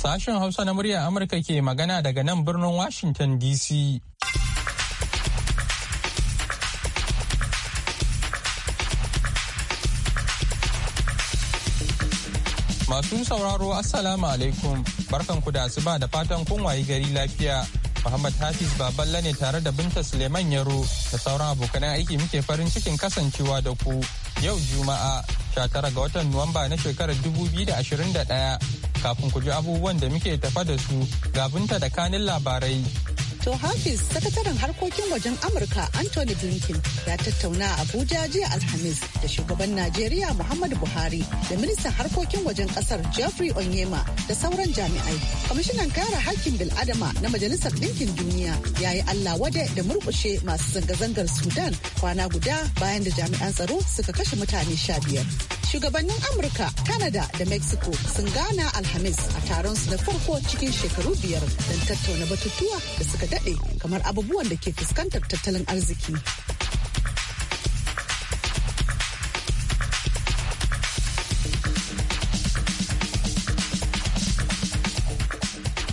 Sashen Hausa na murya Amurka ke magana daga nan birnin Washington DC. Masu sauraro Assalamu alaikum barkanku da asuba da fatan kun wayi gari lafiya. Muhammad Hafiz Baballa ne tare da Binta Suleiman Yaro da sauran abokan aiki muke farin cikin kasancewa da ku yau Juma'a 19 ga watan Nuwamba na shekarar 2021 kafin ku ji abubuwan da muke tafa da su gabinta da kanin labarai. To Hafiz, sakataren harkokin wajen Amurka Anthony Blinken ya tattauna a Abuja jiya Alhamis da shugaban Najeriya Muhammadu Buhari da ministan harkokin wajen kasar Geoffrey Onyema da sauran jami'ai. Kwamishinan kare hakkin bil'adama na Majalisar Dinkin Duniya ya yi Allah wade da murkushe masu zanga-zangar Sudan kwana guda bayan da jami'an tsaro suka kashe mutane sha biyar. Shugabannin Amurka, Canada da Mexico sun gana Alhamis a taron su na farko cikin shekaru biyar don tattauna batutuwa da suka daɗe kamar abubuwan da ke fuskantar tattalin arziki.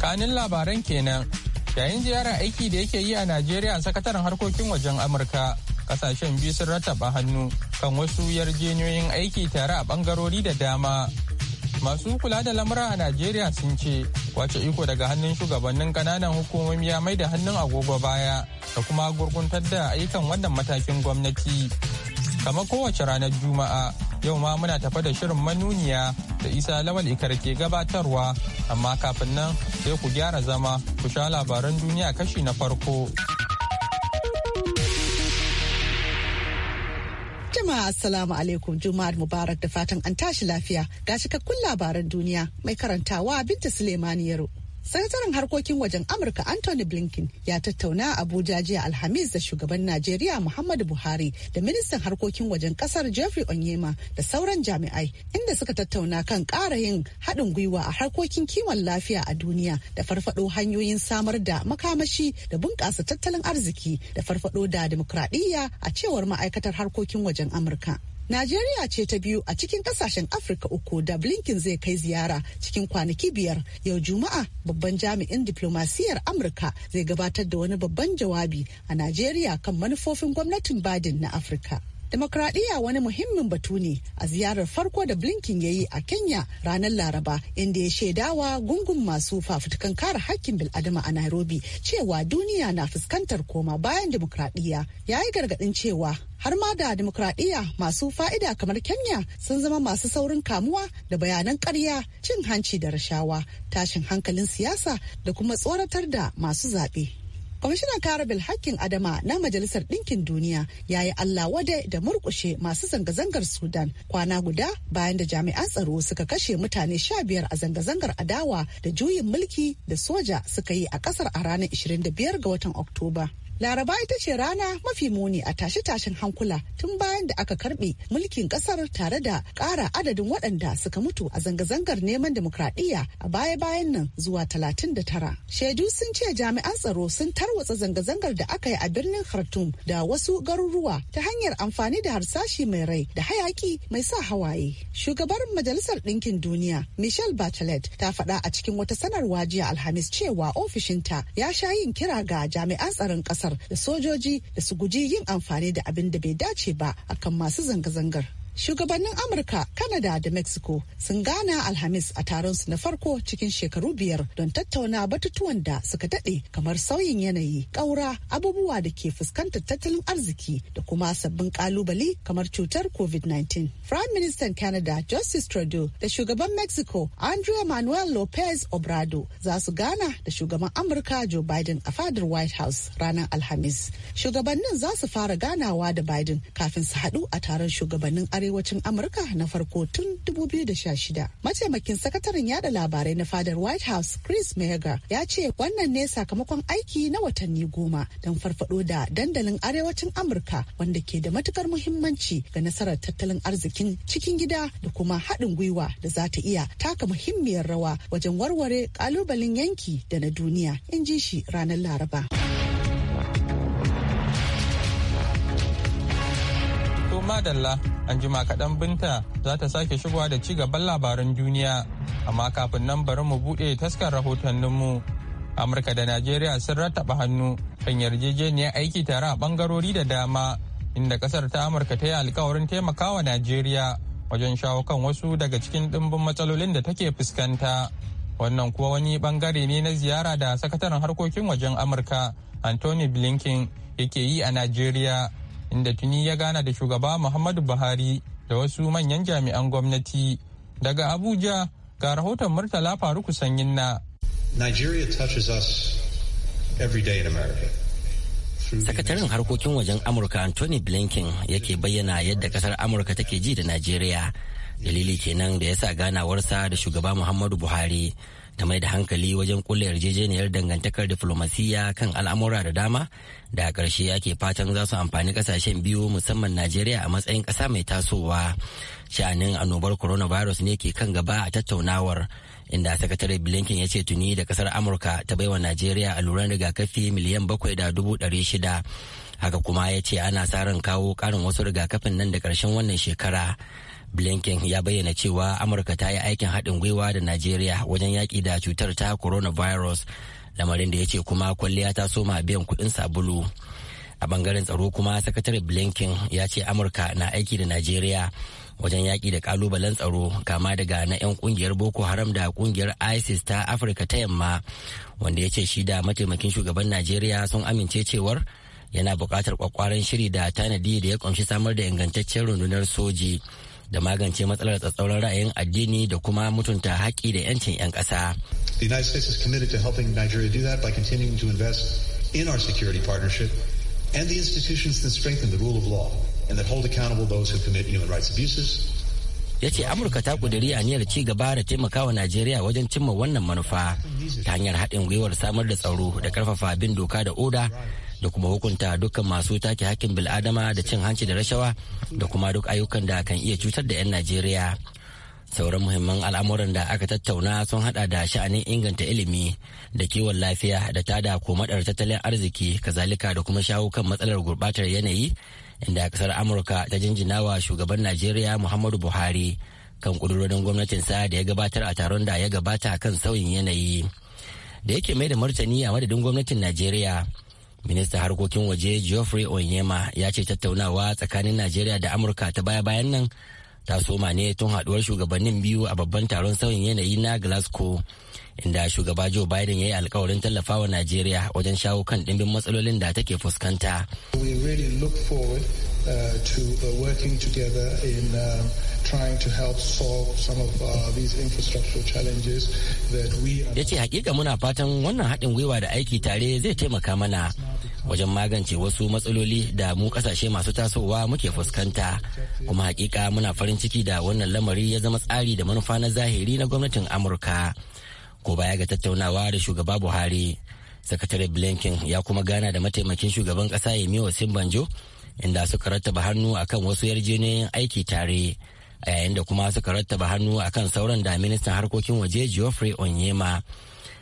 Kanin labaran kenan yayin ziyara aiki da yake yi a Najeriya sakataren harkokin wajen Amurka kasashen biyu sun rataba hannu kan wasu yarjejeniyoyin aiki tare a bangarori da dama masu kula da lamura a najeriya sun ce wace iko daga hannun shugabannin kananan hukumomi ya mai da hannun agogo baya da kuma gurguntar da ayyukan wannan matakin gwamnati kamar kowace ranar juma'a yau ma muna tafa da shirin manuniya da isa lawal ikar ke gabatarwa amma kafin nan sai ku gyara zama ku sha labaran duniya kashi na farko Jama'a Assalamu alaikum Juma'ar Mubarak da fatan an tashi lafiya ga cikakkun labaran duniya mai karantawa Binta Suleimani Yaro. sakataren harkokin wajen amurka anthony blinken ya tattauna abuja jiya alhamis da shugaban najeriya muhammadu buhari da ministan harkokin wajen kasar jeffrey onyema da sauran jami'ai inda suka tattauna kan ƙara yin haɗin gwiwa a harkokin kiwon lafiya a duniya da farfaɗo hanyoyin samar da makamashi da bunƙasa tattalin arziki da farfaɗo da dimokuraɗiyya a cewar ma'aikatar harkokin wajen amurka Najeriya ce ta biyu a cikin kasashen Afirka uku da Blinken zai kai ziyara cikin kwanaki biyar. Yau Juma'a babban jami'in diplomasiyar Amurka zai gabatar da wani babban jawabi a Najeriya kan manufofin gwamnatin Biden na Afirka. Demokradiyya wani muhimmin batu ne a ziyarar farko da Blinken ya yi a Kenya ranar Laraba inda ya shaidawa gungun masu fafutukan kare hakkin bil'adama a Nairobi cewa duniya na fuskantar koma bayan demokradiyya ya yi gargaɗin cewa har ma da demokradiyya masu fa'ida kamar Kenya sun zama masu saurin kamuwa da bayanan karya cin hanci da rashawa tashin hankalin siyasa da kuma tsoratar da masu zaɓe. Kwamishinan kare hakkin Adama na Majalisar Ɗinkin Duniya ya yi Allah wade da murƙushe masu zanga-zangar Sudan kwana guda bayan da jami'an tsaro suka kashe mutane sha biyar a zanga-zangar adawa da juyin mulki da soja suka yi a ƙasar a ranar 25 ga watan Oktoba. Laraba ita ce rana mafi muni a tashe-tashen hankula tun bayan da aka karbe mulkin kasar tare da kara adadin waɗanda suka mutu a zanga-zangar neman demokradiyya a baya-bayan nan zuwa talatin da tara. Shaidu sun ce jami'an tsaro sun tarwatsa zanga-zangar da aka yi a birnin Khartoum da wasu garuruwa ta hanyar amfani da harsashi mai rai da hayaki mai sa hawaye. Shugabar Majalisar Ɗinkin Duniya Michelle Bachelet ta faɗa a cikin wata sanarwa jiya Alhamis cewa ofishinta ya sha yin kira ga jami'an tsaron ƙasa kasar da sojoji da su guji yin amfani da abin da bai dace ba akan masu zanga-zangar Shugabannin Amurka, kanada da Mexico sun gana Alhamis a taron su na farko cikin shekaru biyar don tattauna batutuwan da suka daɗe kamar sauyin yanayi, ƙaura, abubuwa da ke fuskantar tattalin arziki da kuma sabbin ƙalubale kamar cutar COVID-19. Prime Minister Canada Justice Trudeau da shugaban Mexico andrew Manuel Lopez Obrado za su gana da shugaban Amurka Joe Biden a fadar White House ranar Alhamis. Shugabannin za su fara ganawa da Biden kafin su haɗu a taron shugabannin Arewa arewacin Amurka na farko tun 2016. Mataimakin sakataren yada labarai na fadar White House Chris Mega ya ce wannan ne sakamakon aiki na watanni goma don farfado da dandalin arewacin Amurka wanda ke da matukar muhimmanci ga nasarar tattalin arzikin cikin gida da kuma haɗin gwiwa da za ta iya taka muhimmiyar rawa wajen warware ƙalubalen yanki da na duniya, in ji shi ranar Laraba. Madalla, an jima kaɗan binta za ta sake shigowa da ci gaban labaran duniya. Amma kafin nan bari mu buɗe taskar rahotanninmu. Amurka da Najeriya sun rattaba hannu kan yarjejeniyar aiki tare a ɓangarori da dama, inda ƙasar ta Amurka ta yi alkawarin taimakawa Najeriya wajen shawo kan wasu daga cikin ɗimbin matsalolin da take fuskanta. Wannan kuwa wani ɓangare ne na ziyara da sakataren harkokin wajen Amurka, Anthony Blinken, yake yi a Najeriya. inda tuni ya gana da shugaba Muhammadu Buhari da wasu manyan jami'an gwamnati. Daga Abuja ga rahoton Murtala Faruku Sanyin na. Nigeria touches us every day in America. Sakataren harkokin wajen Amurka Anthony Blinken yake bayyana yadda kasar Amurka take ji da Najeriya. Dalili kenan da ya sa ganawarsa da shugaba Muhammadu Buhari ta mai da hankali wajen kulle yarjejeniyar dangantakar diflomasiyya kan al'amura da dama da ƙarshe ake fatan za su amfani ƙasashen biyu musamman najeriya a matsayin ƙasa mai tasowa sha'anin annobar coronavirus ne ke kan gaba a tattaunawar inda sakatare blinken ya ce tuni da kasar amurka ta bai wa najeriya alluran rigakafi miliyan bakwai da dubu ɗari shida haka kuma ya ce ana sa ran kawo ƙarin wasu rigakafin nan da ƙarshen wannan shekara blinken ya bayyana cewa amurka ta yi aikin haɗin gwiwa da najeriya wajen yaƙi da cutar ta coronavirus lamarin da ya ce kuma kwalliya ta soma biyan kuɗin sabulu a bangaren tsaro kuma sakatare blinken ya ce amurka na aiki da najeriya wajen yaƙi da ƙalubalen tsaro kama daga na 'yan ƙungiyar boko haram da ƙungiyar isis ta afirka ta yamma wanda ya ce shi da mataimakin shugaban najeriya sun amince cewar yana buƙatar kwakwaran shiri da tanadi da ya ƙunshi samar da ingantaccen rundunar soji da magance matsalar tsatsauran ra'ayin addini da kuma mutunta haƙƙi da 'yancin 'yan ƙasa. The United States is committed to helping Nigeria do that by continuing to invest in our security partnership and the institutions that strengthen the rule of law and that hold accountable those who commit human rights abuses. ya ce amurka ta kuduri aniyar ci gaba da taimakawa najeriya wajen cimma wannan manufa ta hanyar haɗin gwiwar samar da tsaro da karfafa bin doka da oda da kuma hukunta dukkan masu take hakkin bil'adama da cin hanci da rashawa da kuma duk ayyukan da kan iya cutar da 'yan najeriya sauran muhimman al'amuran da aka tattauna sun hada da sha'anin inganta ilimi da kiwon lafiya da tada maɗar tattalin arziki kazalika da kuma shawo kan matsalar gurbatar yanayi inda kasar amurka ta jinjina wa shugaban najeriya muhammadu buhari kan kudurorin gwamnatinsa da ya gabatar a taron da ya gabata kan sauyin yanayi da yake mai da martani a madadin gwamnatin najeriya ministan harkokin waje geoffrey onyema ya ce tattaunawa tsakanin najeriya da amurka ta baya-bayan nan ta soma ne tun haduwar shugabannin biyu a babban taron sauyin yanayi na glasgow inda shugaba joe biden ya yi alkawarin tallafawa najeriya wajen shawo kan dimbin matsalolin da take fuskanta Uh, to uh, working together in um, trying to help solve some of uh, these infrastructural challenges that we ya ce hakika muna fatan wannan haɗin gwiwa da aiki tare zai taimaka mana wajen magance wasu matsaloli da mu kasashe masu tasowa muke fuskanta kuma hakika muna farin ciki da wannan lamari ya zama tsari da manufa na zahiri na gwamnatin amurka ko baya ga tattaunawa da shugaba buhari sakatare blinken ya kuma gana da mataimakin shugaban kasa yemi simbanjo inda suka rattaba hannu akan wasu yarjejeniyoyin aiki tare a yayin da kuma suka rattaba hannu akan sauran da ministan harkokin waje geoffrey onyema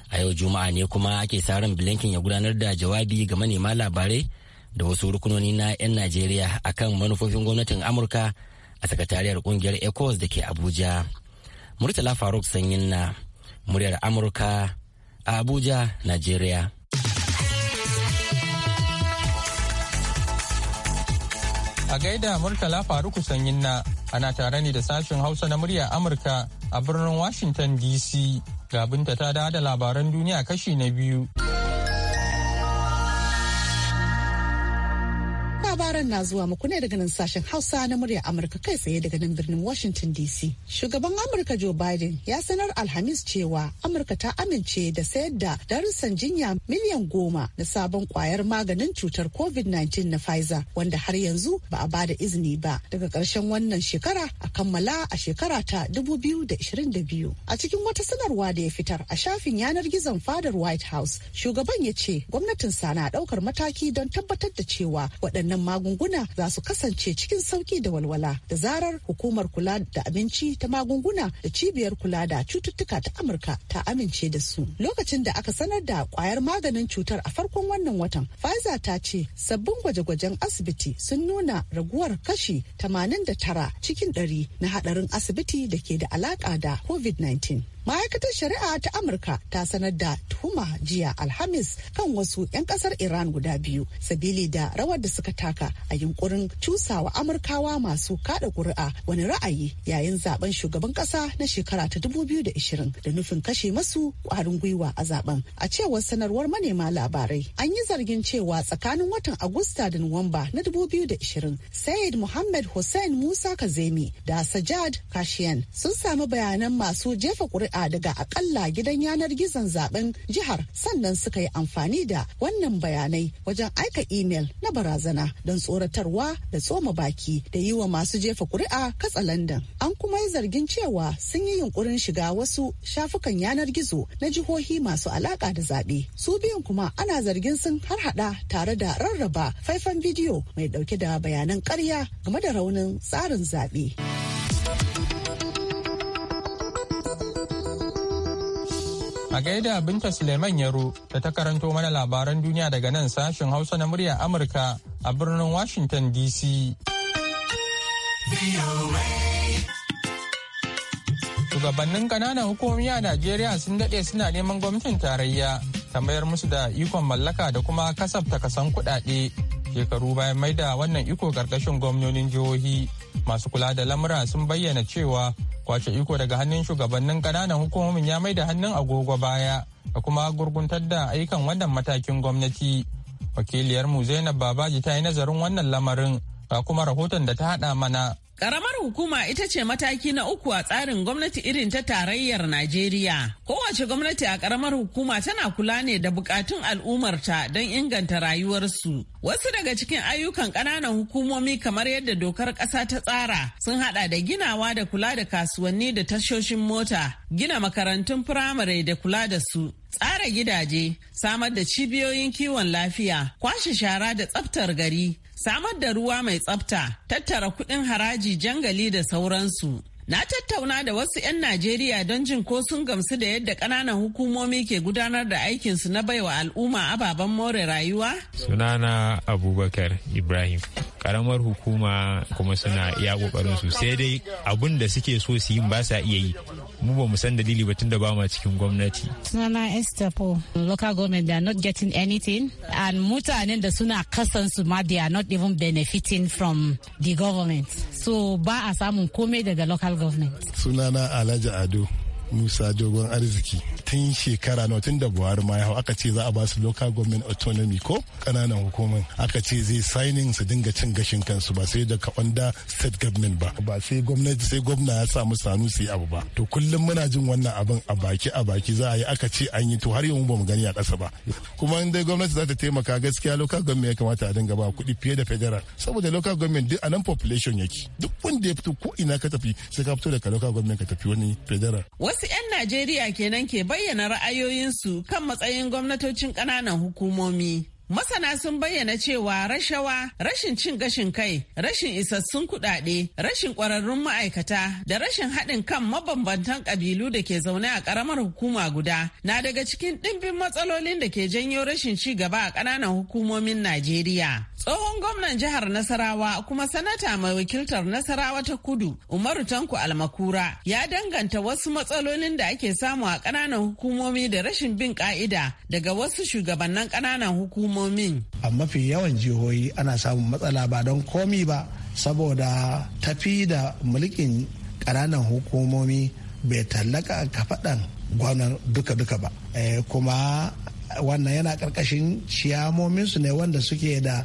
a yau juma'a ne kuma ake saran blinken ya gudanar da jawabi ga manema labarai da wasu rukunoni na 'yan najeriya akan manufofin gwamnatin amurka a sakatariyar kungiyar ecos da ke abuja murtala faruk sanyin na muryar amurka a abuja najeriya A gaida Murtala Faruku Sanyin na ana tare ne da sashen Hausa na murya Amurka a birnin Washington DC. ga Gabinta ta da labaran duniya kashi na biyu. labaran na zuwa muku ne daga nan sashen Hausa na murya Amurka kai tsaye daga nan birnin Washington DC. Shugaban Amurka Joe Biden ya sanar Alhamis cewa Amurka ta amince da sayar da darussan jinya miliyan goma na sabon kwayar maganin cutar COVID-19 na Pfizer wanda har yanzu ba a bada izini ba daga karshen wannan shekara a kammala a shekara ta 2022. A cikin wata sanarwa da ya fitar a shafin yanar gizon fadar White House, shugaban ya ce gwamnatin na ɗaukar mataki don tabbatar da cewa waɗannan magungunan magunguna za su kasance cikin sauki da walwala da zarar hukumar kula da abinci ta magunguna da cibiyar kula da cututtuka ta amurka ta amince da su lokacin da aka sanar da kwayar maganin cutar a farkon wannan watan pfizer ta ce sabbin gwaje-gwajen asibiti sun nuna raguwar kashi 89 cikin 100 na hadarin asibiti da ke da alaka da covid-19 ma'aikatar shari'a ta amurka ta sanar da tuhuma jiya alhamis kan wasu 'yan kasar iran guda biyu sabili da rawar da suka taka a yunkurin cusawa amurkawa masu kada kuri'a wani ra'ayi yayin zaben shugaban kasa na shekara ta 2020 da nufin kashe masu kwarin gwiwa a zaben a cewar sanarwar manema labarai an yi zargin cewa tsakanin watan agusta da nuwamba na 2020 sayid muhammad hussein musa kazemi da sajad kashiyan sun sami bayanan masu jefa kuri'a kuri'a daga akalla gidan yanar gizon zaben jihar sannan suka yi amfani da wannan bayanai wajen aika imel na barazana don tsoratarwa da tsoma baki da yi wa masu jefa kuri'a katsalandan an kuma yi zargin cewa sun yi yunkurin shiga wasu shafukan yanar gizo na jihohi masu alaka da zaɓe su biyun kuma ana zargin sun harhaɗa tare da rarraba faifan bidiyo mai ɗauke da bayanan ƙarya game da raunin tsarin zaɓe. A gaida Binta Suleiman Yaro da ta karanto mana labaran duniya daga nan sashen Hausa na murya Amurka a birnin Washington DC. Shugabannin ƙananan hukumomi a Najeriya sun daɗe suna neman gwamnatin tarayya ta mayar musu da ikon mallaka da kuma kasafta kasan kuɗaɗe shekaru bayan mai da wannan iko ƙarƙashin gwamnonin jihohi masu kula da lamura sun bayyana cewa kwace iko daga hannun shugabannin kananan hukumomin ya mai da hannun agogo baya da kuma gurguntar da ayyukan wannan matakin gwamnati wakiliyarmu zainab babaji ta yi nazarin wannan lamarin ga kuma rahoton da ta haɗa mana Ƙaramar hukuma ita ce mataki na uku a tsarin gwamnati irin ta tarayyar Najeriya. Kowace gwamnati a ƙaramar hukuma tana kula ne da buƙatun al'ummarta don inganta rayuwarsu. Wasu daga cikin ayyukan ƙananan hukumomi kamar yadda dokar ƙasa ta tsara sun haɗa da ginawa da kula da kasuwanni da tashoshin mota, gina makarantun firamare da kula da su. tsara gidaje samar da cibiyoyin kiwon lafiya kwashe shara da tsaftar gari samar da ruwa mai tsafta, tattara kuɗin haraji jangali da sauransu. Na tattauna da wasu 'yan Najeriya don jin ko sun gamsu da yadda ƙananan hukumomi ke gudanar da aikinsu na baiwa al'umma ababen more rayuwa? Sunana Abubakar Ibrahim. karamar hukuma kuma suna iya kokarin su sai dai abun da suke so su yi ba sa iya yi mu ba mu san dalili ba tun da ba ma cikin gwamnati sunana Esther local government they are not getting anything and mutanen da suna kasan su ma they are not even benefiting from the government so ba a samun komai daga local government sunana Alhaji Ado Musa Dogon Arziki tun shekara na tun da Buhari ma ya hau aka ce za a ba su local government autonomy ko kananan hukumar aka ce zai signing su dinga cin gashin kansu ba sai daga under state government ba ba sai gwamnati sai gwamna ya samu sanu su abu ba to kullum muna jin wannan abin a baki a baki za a yi aka ce an yi to har yanzu ba mu gani a ƙasa ba kuma in dai gwamnati za ta taimaka gaskiya local government ya kamata a dinga ba kuɗi fiye da federal saboda local government duk anan nan population yake duk wanda ya fito ko ina ka tafi sai ka fito daga local government ka tafi wani federal Wasu 'yan Najeriya kenan ke bayyana ra'ayoyinsu kan matsayin gwamnatocin ƙananan hukumomi. Masana sun bayyana cewa rashawa, rashin cin gashin kai, rashin isassun kudade rashin ƙwararrun ma'aikata da rashin haɗin kan mabambantan ƙabilu da ke zaune a ƙaramar hukuma guda na daga cikin ɗimbin matsalolin da ke janyo rashin ci gaba a ƙananan hukumomin Najeriya. Tsohon gwamnan jihar Nasarawa kuma sanata mai wakiltar Nasarawa ta Kudu, Umaru Tanko Almakura, ya danganta wasu matsalolin da ake samu a ƙananan hukumomi da rashin bin ƙa'ida daga wasu shugabannin ƙananan hukuma. al'ummomin. A mafi yawan jihohi ana samun matsala ba don komi ba saboda tafi da mulkin ƙananan hukumomi bai tallaka kafaɗan gwanon duka-duka ba. Eh, kuma wannan yana ƙarƙashin ciyamominsu ne wanda suke da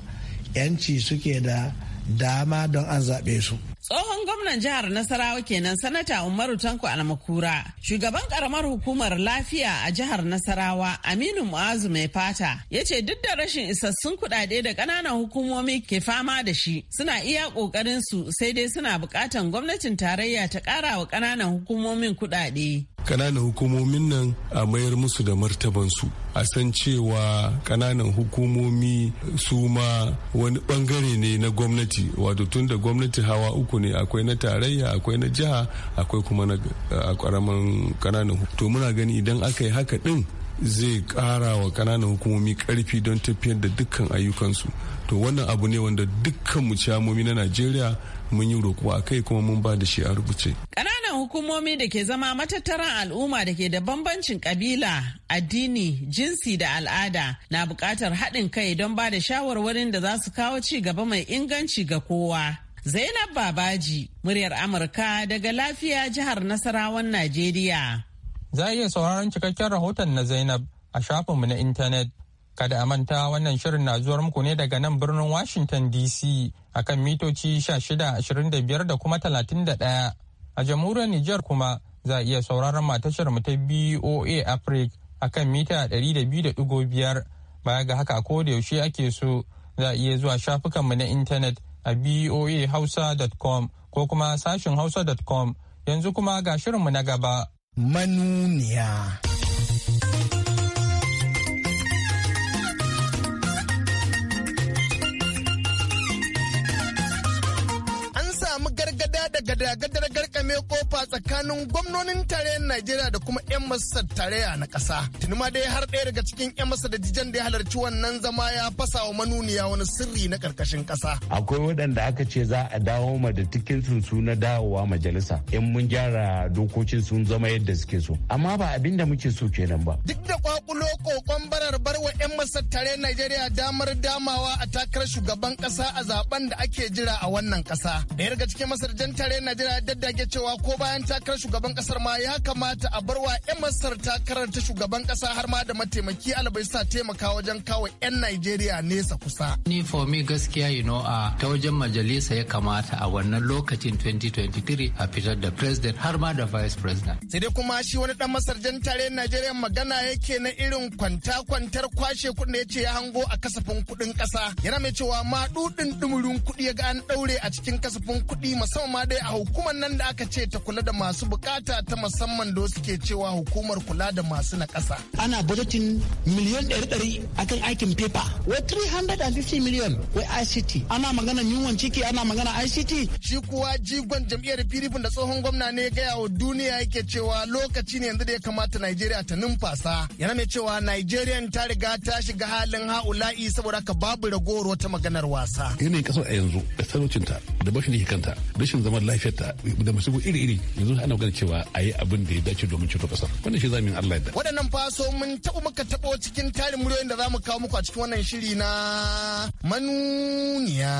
'yanci suke da dama don an zaɓe su. Tsohon gwamnan jihar Nasarawa kenan sanata Umaru Tanko Almakura, shugaban karamar hukumar lafiya a jihar Nasarawa Aminu Mu'azu mai fata ya ce duk da rashin isassun kuɗaɗe da ƙananan hukumomi ke fama da shi suna iya ƙoƙarin su sai dai suna buƙatan gwamnatin tarayya ta ƙara wa ƙananan hukumomin kuɗaɗe. kananan hukumomin nan a mayar musu da martabansu a san cewa kananan hukumomi su ma wani bangare ne na gwamnati wato tun da gwamnati hawa uku ne akwai na tarayya akwai na jiha akwai kuma na karaman kananan to muna gani idan aka yi haka din zai kara wa kananan hukumomi karfi don tafiyar da dukkan ayyukansu to wannan abu ne wanda dukkan mu na najeriya mun yi roƙo a kai kuma mun ba da shi a rubuce hukumomi da ke zama matattaran al'umma da ke da bambancin kabila, addini, jinsi da al'ada na bukatar haɗin kai don ba da shawarwarin da za su kawo ci gaba mai inganci ga kowa. Zainab Babaji, muryar Amurka daga lafiya jihar Nasarawan Najeriya. Za a iya sauraron cikakken rahoton na Zainab a shafinmu na intanet. Kada a manta wannan shirin na zuwar muku ne daga nan birnin Washington DC akan mitoci 1625 da kuma 31. A jamhuriyar Nijar kuma za a iya sauraron matashar mu ta BOA Africa a kan mita 200.5 baya ga haka ko da yaushe ake so za a iya zuwa shafukanmu na intanet a boahausa.com ko kuma sashin hausa.com yanzu kuma ga shirinmu na gaba. Manuniya. An samu gargada da gadagadar kame kofa tsakanin gwamnonin tarayyar Najeriya da kuma 'yan masar tarayya na ƙasa. Tuni ma dai har ɗaya daga cikin 'yan masar da jijan da ya halarci wannan zama ya fasa wa manuniya wani sirri na ƙarƙashin ƙasa. Akwai waɗanda aka ce za a dawo ma da tikin su na dawowa majalisa in mun gyara dokokin sun zama yadda suke so. Amma ba abin da muke so kenan ba. Duk da kwakulo kokon barar barwa 'yan masar tarayyar Najeriya damar damawa a takarar shugaban ƙasa a zaben da ake jira a wannan ƙasa. Ɗaya daga cikin masarjan tarayyar Najeriya daddage cewa ko bayan takarar shugaban kasar ma ya kamata a bar wa 'yan masar takarar ta shugaban kasa har ma da mataimaki albasa sa taimaka wajen kawo 'yan Najeriya nesa kusa. Ni for me gaskiya you know a ta wajen majalisa ya kamata a wannan lokacin 2023 a fitar da president har ma da vice president. Sai dai kuma shi wani dan masar jan tare Najeriya magana yake na irin kwanta kwantar kwashe kuɗin da ya ce ya hango a kasafin kuɗin kasa Yana mai cewa ma dudin dumurin kuɗi ya ga an ɗaure a cikin kasafin kuɗi musamman ma dai a hukumar nan da aka aka ce ta kula da masu bukata ta musamman da wasu ke cewa hukumar kula da masu na kasa. Ana budgetin miliyan ɗari ɗari akan aikin paper. Wai 350 million wai ICT. Ana magana yunwan ciki ana magana ICT. Shi kuwa jigon jam'iyyar PDP da tsohon gwamna ne ya gaya wa duniya yake cewa lokaci ne yanzu da ya kamata Najeriya ta numfasa. Yana mai cewa Nigerian ta riga ta shiga halin ha'ula'i saboda haka babu ragowar wata maganar wasa. Yanayin kasar a yanzu da talaucinta da bashin da kanta rashin zaman lafiyarta da masu iri-iri yanzu ana ganin cewa a yi abin da ya dace domin ceto kasar wanda shi zamin Allah ya waɗannan faso mun taɓa muka taɓo cikin tarin muryoyin da za mu kawo muku a cikin wannan shiri na manuniya.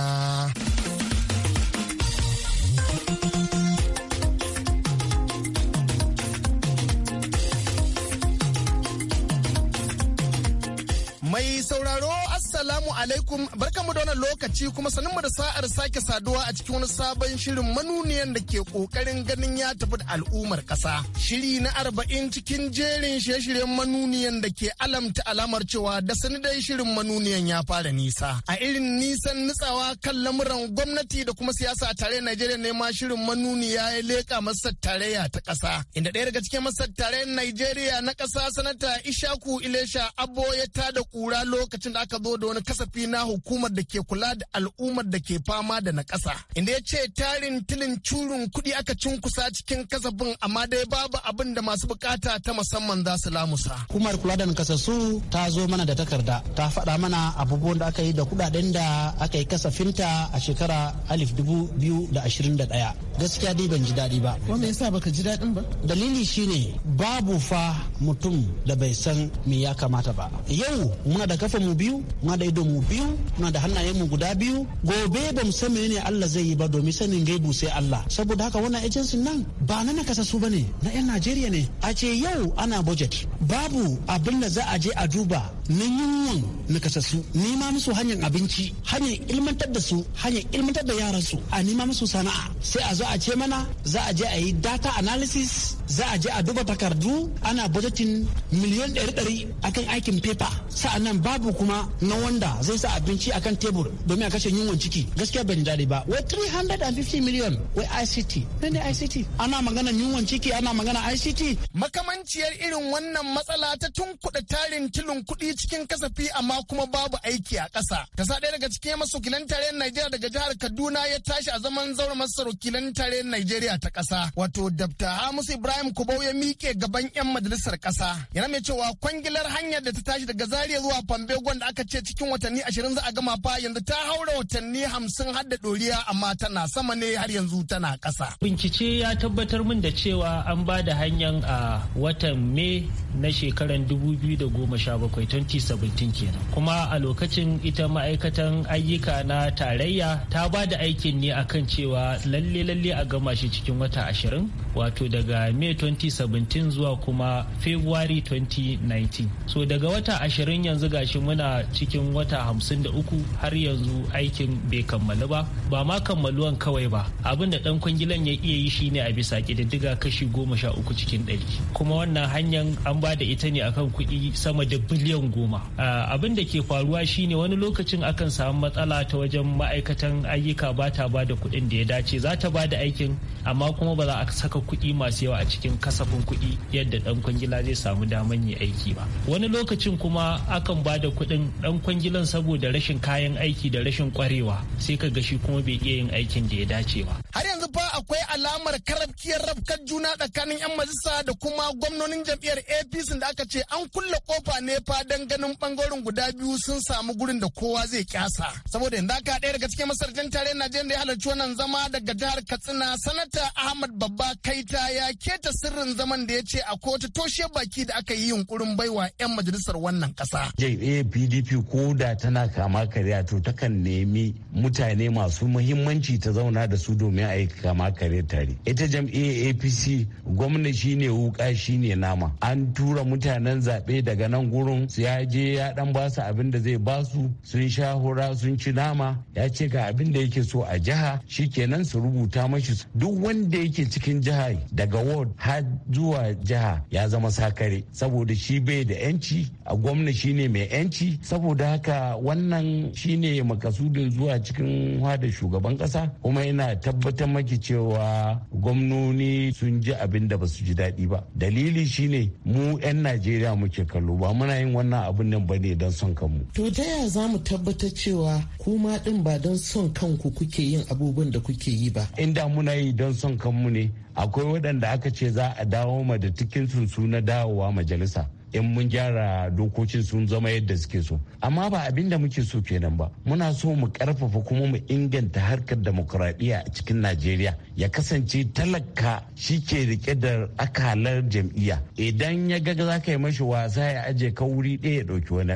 Assalamu alaikum barkamu da wannan lokaci kuma sanin mu da sa'ar sake saduwa a cikin wani sabon shirin manuniyan da ke kokarin ganin ya tafi da al'ummar kasa. Shiri na arba'in cikin jerin shirye-shiryen manuniyan da ke alamta alamar cewa da sani dai shirin manuniyan ya fara nisa. A irin nisan nutsawa kan lamuran gwamnati da kuma siyasa a tare Najeriya ne ma shirin manuniya ya leka masa tarayya ta kasa. Inda ɗaya daga cikin masa tarayyar Najeriya na kasa sanata Ishaku Ilesha Abo ya tada kura lokacin da aka zo da wani kasafi na hukumar da ke kula da al'ummar da ke fama da na ƙasa. Inda ya ce tarin tilin curin kuɗi aka cunkusa cikin kasafin amma dai babu abin da masu bukata ta musamman za su lamusa. Hukumar kula da nakasassu ta zo mana da takarda ta faɗa mana abubuwan da aka yi da kuɗaɗen da aka yi kasafinta a shekara alif dubu biyu da ashirin da ɗaya. Gaskiya dai ban ji daɗi ba. Wanda yasa baka ji daɗin ba? Dalili shine babu fa mutum da bai san me ya kamata ba. Yau muna da kafa mu biyu muna da ido mu biyu na da hannayen mu guda biyu gobe ba mu san menene Allah zai yi ba domin sanin gaibu sai Allah saboda haka wannan agency nan ba na nakasassu bane na yan Najeriya ne a ce yau ana budget babu abin da za a je a duba na yunwan nakasassu nema musu hanyar abinci hanyar ilmantar da su hanyar ilmantar da yaran su a nema musu sana'a sai a zo a ce mana za a je a yi data analysis za a je a duba takardu ana budgeting miliyan 100 akan aikin paper sa'annan babu kuma na wanda wanda zai sa abinci a kan tebur domin a kashe yunwan ciki gaskiya ban daɗi ba wai 350 million wai ICT nan ICT ana magana yunwan ciki ana magana ICT makamanciyar irin wannan matsala ta kuɗa tarin tilin kuɗi cikin kasafi amma kuma babu aiki a ƙasa kasa ɗaya daga cikin masu kilan tarayyar Najeriya daga jihar Kaduna ya tashi a zaman zaura masa wakilan tarayyar Najeriya ta ƙasa wato dabta Hamisu Ibrahim Kubau ya miƙe gaban 'yan majalisar ƙasa yana mai cewa kwangilar hanyar da ta tashi daga Zaria zuwa pambe da aka ce cikin watanni ashirin za a gama fa yanzu ta haura watanni hamsin har da ɗoriya amma tana sama ne har yanzu tana ƙasa. Bincike ya tabbatar min da cewa an ba da hanyar a watan Mai na shekarar 2017 2017 kenan. Kuma a lokacin ita ma'aikatan ayyuka na tarayya ta ba da aikin ne akan cewa lalle lalle a gama shi cikin wata ashirin wato daga Mai 2017 zuwa kuma February 2019. So daga wata ashirin yanzu gashi muna cikin wata hamsin da uku har yanzu aikin bai kammalu ba ba ma kammaluwan kawai ba abin da dan kwangilan ya iya yi shine a bisa kididdiga kashi goma sha uku cikin ɗari kuma wannan hanyar an ba da ita ne akan kuɗi sama da biliyan goma abin da ke faruwa shine wani lokacin akan samu matsala ta wajen ma'aikatan ayyuka ba ta ba da kuɗin da ya dace za ta ba da aikin amma kuma ba za a saka kuɗi masu yawa a cikin kasafin kuɗi yadda dan kwangila zai samu daman yi aiki ba wani lokacin kuma akan ba da kuɗin dan kwangila wakilan saboda rashin kayan aiki da rashin kwarewa sai ka gashi kuma bai iya yin aikin da ya dace ba har yanzu fa akwai alamar karabkiyar rabkar juna tsakanin yan majalisa da kuma gwamnonin jam'iyyar apc da aka ce an kulle kofa ne fa don ganin bangaren guda biyu sun samu gurin da kowa zai kyasa saboda yanzu aka ɗaya daga cikin masarjan tare najeriya da ya halarci wannan zama daga jihar katsina sanata ahmad babba kaita ya keta sirrin zaman da ya ce a kotu toshe baki da aka yi yunkurin baiwa yan majalisar wannan kasa. jam'iyyar pdp ko da tana kama karya to takan nemi mutane masu muhimmanci ta zauna da su domin a yi kama karya tare ita jam'iyyar apc gwamna shi ne wuka shi ne nama an tura mutanen zaɓe daga nan gurin su ya je ya dan ba su abin da zai ba su sun sha hura sun ci nama ya ce ga abin da yake so a jiha shi kenan su rubuta mashi duk wanda yake cikin jiha daga ward har zuwa jiha ya zama sakare saboda shi bai da yanci a gwamna ne mai yanci saboda haka haka wannan shine makasudin zuwa cikin hada shugaban kasa kuma yana tabbatar maki cewa gwamnoni sun ji abin da ba ji daɗi ba dalili shine mu 'yan najeriya muke kallo ba muna yin wannan abin nan ba ne don son kanmu to ta ya za mu tabbatar cewa kuma din ba don son kanku kuke yin abubuwan da kuke yi ba inda muna yi don son kanmu ne akwai waɗanda aka ce za a dawo ma da tikinsu su na dawowa majalisa in mun gyara dokokin sun zama yadda suke so amma ba abin da muke so kenan ba muna so mu karfafa kuma mu inganta harkar demokuraɗiyya a cikin najeriya ya kasance talaka shi ke rike da akalar jam'iyya idan ya ga za ka yi mashi wasa ya aje ka wuri ɗaya ya ɗauki wani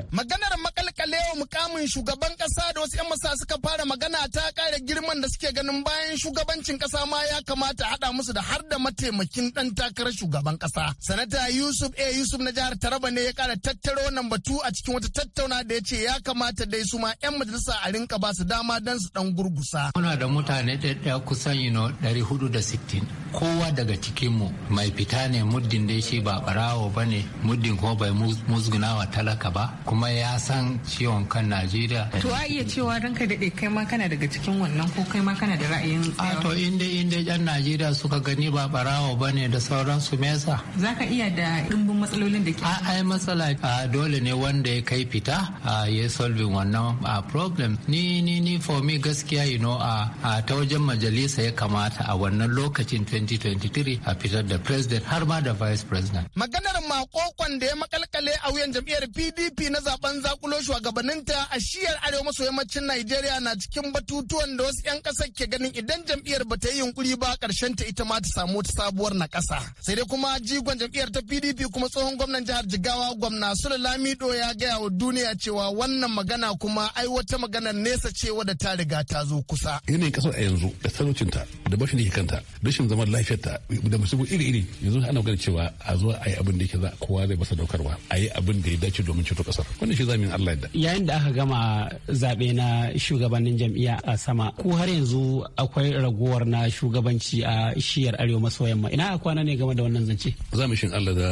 wa mukamin shugaban kasa da wasu 'yan masa suka fara magana ta kara girman da suke ganin bayan shugabancin kasa ma ya kamata hada musu da har da mataimakin dan takarar shugaban kasa. Sanata Yusuf A. Yusuf na jihar Taraba ne ya kara tattaro wannan batu a cikin wata tattauna da ya ce ya kamata dai su ma 'yan majalisa a rinka ba su dama don su dan gurgusa. Muna da mutane ɗaya kusan yino 460 kowa daga cikinmu mai fita ne muddin dai shi ba ɓarawo ba ne muddin kuma bai musgunawa talaka ba kuma ya san ciwon kan Najeriya. To a iya cewa ka daɗe kai ma kana daga cikin wannan ko kai ma kana da ra'ayin A to inda inda yan Najeriya suka gani ba barawo ba ne da sauran su mesa. Za ka iya da ɗimbin matsalolin da ke. A ai matsala dole ne wanda ya kai fita a ya solving wannan a problem. Ni ni ni for me gaskiya you know a ta wajen majalisa ya kamata a wannan lokacin 2023 a fitar da president har ma da vice president. Maganar makokon da ya makalkale a wuyan jam'iyyar PDP na zaben zakulo shugabanninta a shiyar arewa maso yammacin Najeriya na cikin batutuwan da wasu 'yan ƙasar ke ganin idan jam'iyyar ba ta yi yunkuri ba ƙarshen ta ita ma ta samu ta sabuwar na ƙasa. Sai dai kuma jigon jam'iyyar ta PDP kuma tsohon gwamnan jihar Jigawa gwamna Sule Lamido ya gaya wa duniya cewa wannan magana kuma ai wata magana nesa cewa da ta riga ta zo kusa. Yanayin ƙasar a yanzu da ta da bashin da ke kanta rashin zaman lafiyarta da musulmi iri-iri yanzu ana ganin cewa a zo a yi abin da yake za kowa zai masa daukarwa a yi abin da ya dace domin ceto ƙasar. Wannan shi zamin Allah yayin da aka gama zaɓe na shugabannin jam'iyya a sama ko har yanzu akwai ragowar na shugabanci a shiyar arewa maso yamma ina a kwana ne game da wannan zance za mu shin allah da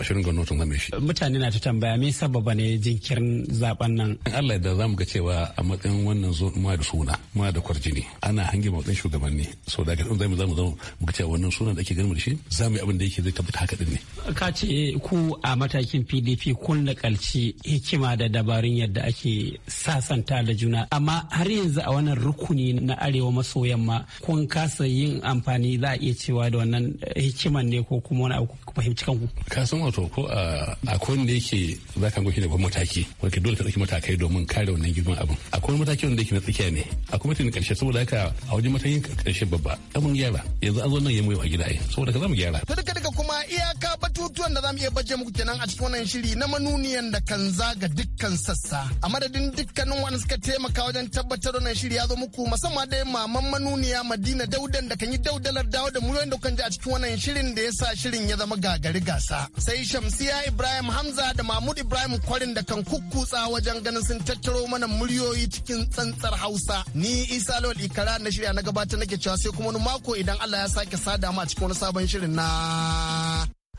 ashirin ga notin zanen shi. Mutane na ta tambaya me sababa ne jinkirin zaben nan. In Allah da mu ga cewa a matsayin wannan zo ma da suna ma da kwarjini ana hange matsayin shugabanni so da kan zamu zamu zamu ga cewa wannan sunan da ake ganin da shi mu yi abin da yake zai tabbata haka din ne. Ka ce ku a matakin PDP kun nakalci hikima da dabarun yadda ake sasanta da juna amma har yanzu a wannan rukuni na arewa maso yamma kun kasa yin amfani za a iya cewa da wannan hikiman ne ko kuma wani abu fahimci kanku. ka san wato ko a kowane da yake za ka goshi da babban mataki wanda dole ka ɗauki matakai domin kare wannan girman abin a kowane mataki wanda yake na tsakiya ne a kuma tun karshe saboda haka a wajen matakin karshe babba mun gyara yanzu an zo nan yamu wa gida ai saboda ka za mu gyara. to daga daga kuma iyaka batutuwan da za mu iya baje muku kenan a cikin wannan shiri na manuniyan da kan zaga dukkan sassa a madadin dukkanin wani suka taimaka wajen tabbatar wannan shiri ya zo muku musamman dai maman manuniya madina daudan da kan yi daudalar dawo da muryoyin da kan ji a cikin wannan shirin da ya sa shirin ya zama gagari gasa. Sai Shamsiya Ibrahim Hamza da Mahmud Ibrahim Kwarin da kan kukkutsa wajen ganin sun tattaro mana muryoyi cikin tsantsar Hausa. Ni Isa Lawal Ikara na shirya na gabata nake cewa sai kuma wani mako idan Allah ya sake sada mu a cikin wani sabon shirin na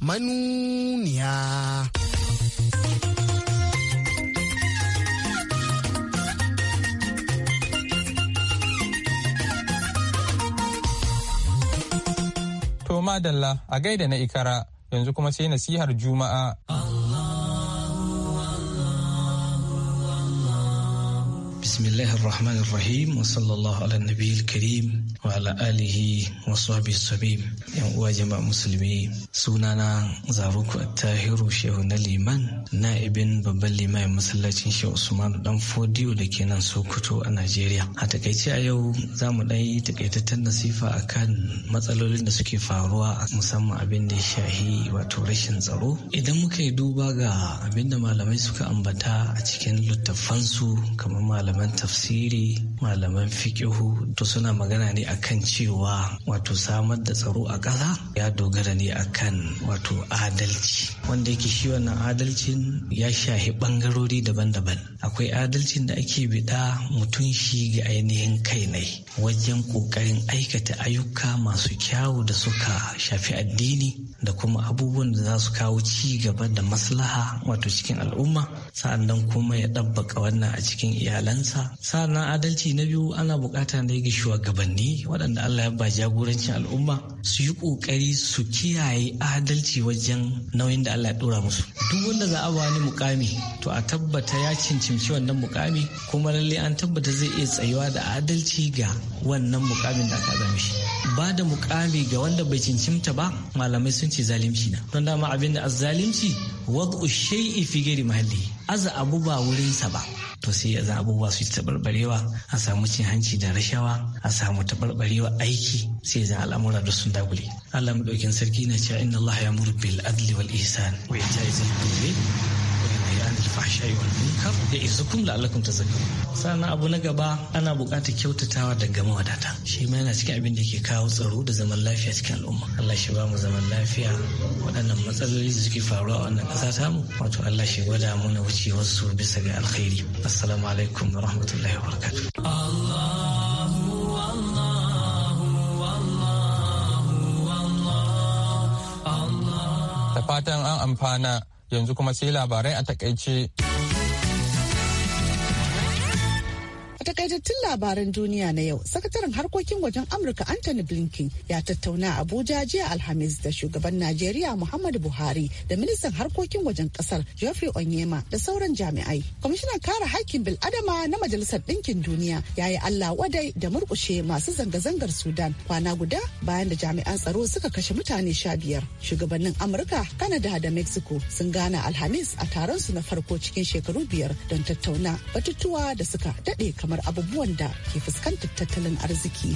manuniya. toma Dalla a gaida na ikara yanzu kuma sai nasihar juma'a بسم الله الرحمن الرحيم وصلى الله على النبي الكريم وعلى آله وصحبه الصبيب يا جماعة مسلمي نائب babban limamin masallacin Shehu Usman dan Fodiyo da ke Sokoto a Najeriya. A takaice a yau za mu ɗan yi takaitaccen nasifa akan matsalolin da suke faruwa musamman abin da ya shahi wato rashin tsaro. Idan muka yi duba ga da malamai suka ambata a cikin kamar malaman malaman tafsiri malaman fikihu to suna magana ne akan cewa wato samar da tsaro a ƙasa ya dogara ne akan wato adalci wanda yake shi wannan adalcin ya shahi ɓangarori daban-daban akwai adalcin da ake biɗa mutum shi ga ainihin kai ne wajen ƙoƙarin aikata ayyuka masu kyawu da suka shafi addini da kuma abubuwan da za su kawo ci gaba da maslaha wato cikin al'umma sa'annan kuma ya ɗabbaka wannan a cikin iyalansa sa'annan adalci na biyu ana bukata ne ga shugabanni waɗanda Allah ya ba jagorancin al'umma su yi ƙoƙari su kiyaye adalci wajen nauyin da Allah ya ɗora musu duk wanda za a wani mukami to a tabbata ya cincimci wannan mukami kuma lalle an tabbata zai iya tsayuwa da adalci ga wannan mukamin da aka zama ba da mukami ga wanda bai cincimta ba malamai sun ita ce zalunci na don dama abin da zalunci wad'u shay'i fi ghairi mahalli aza abu ba wurinsa ba to sai aza abubuwa su taɓarɓarewa a samu cin hanci da rashawa a samu taɓarɓarewa aiki sai aza al'amura da sun dagule Allah mu sarki na cewa inna Allah ya muru bil adli wal ihsan wa ita'i fashayi wa munkar ya kun la'allakum tazakkarun sannan abu na gaba ana buƙatar kyautatawa daga mawadata shi ma yana cikin abin da ke kawo tsaro da zaman lafiya cikin al'umma Allah shi ba mu zaman lafiya waɗannan matsaloli da suke faruwa a wannan ƙasa mu. wato Allah shi gwada mana wucewarsu bisa ga alkhairi assalamu alaikum wa rahmatullahi wa barakatuh fatan an amfana yanzu kuma sai labarai a takaice. A takaitattun labaran duniya na yau, sakataren harkokin wajen Amurka Anthony Blinken ya tattauna Abuja jiya Alhamis da shugaban Najeriya Muhammadu Buhari da ministan harkokin wajen kasar Geoffrey Onyema da sauran jami'ai. Kwamishinan kare haƙƙin bil'adama na Majalisar Ɗinkin Duniya ya yi Allah wadai da murƙushe masu zanga-zangar Sudan kwana guda bayan da jami'an tsaro suka kashe mutane sha biyar. Shugabannin Amurka, Kanada da Mexico sun gana Alhamis a taron su na farko cikin shekaru biyar don tattauna batutuwa da suka daɗe kamar kamar abubuwan da ke fuskantar tattalin arziki.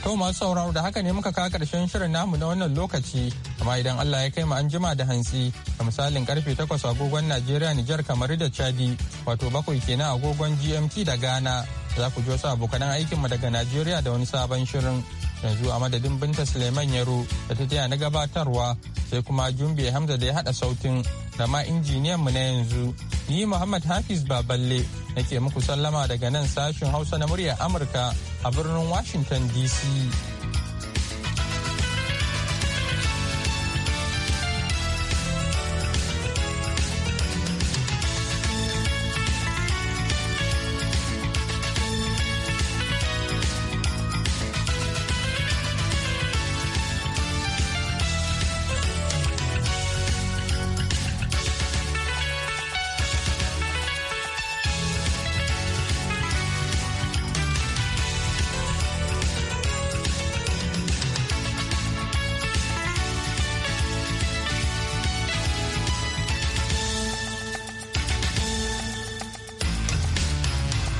To masu sauraro da haka ne muka kawo karshen shirin namu na wannan lokaci, amma idan Allah ya kai mu an jima da hantsi, da misalin karfe takwas agogon Najeriya Nijar kamar da Chadi, wato bakwai kenan agogon GMT da Ghana, za ku ji wasu abokanan aikinmu daga Najeriya da wani sabon shirin. yanzu a madadin binta suleiman yaro da ta jiya na gabatarwa sai kuma jumbe hamza da ya haɗa sautin da ma injiniyan mu na yanzu ni muhammad hafiz baballe nake muku sallama daga nan sashin hausa na muryar amurka a birnin washington dc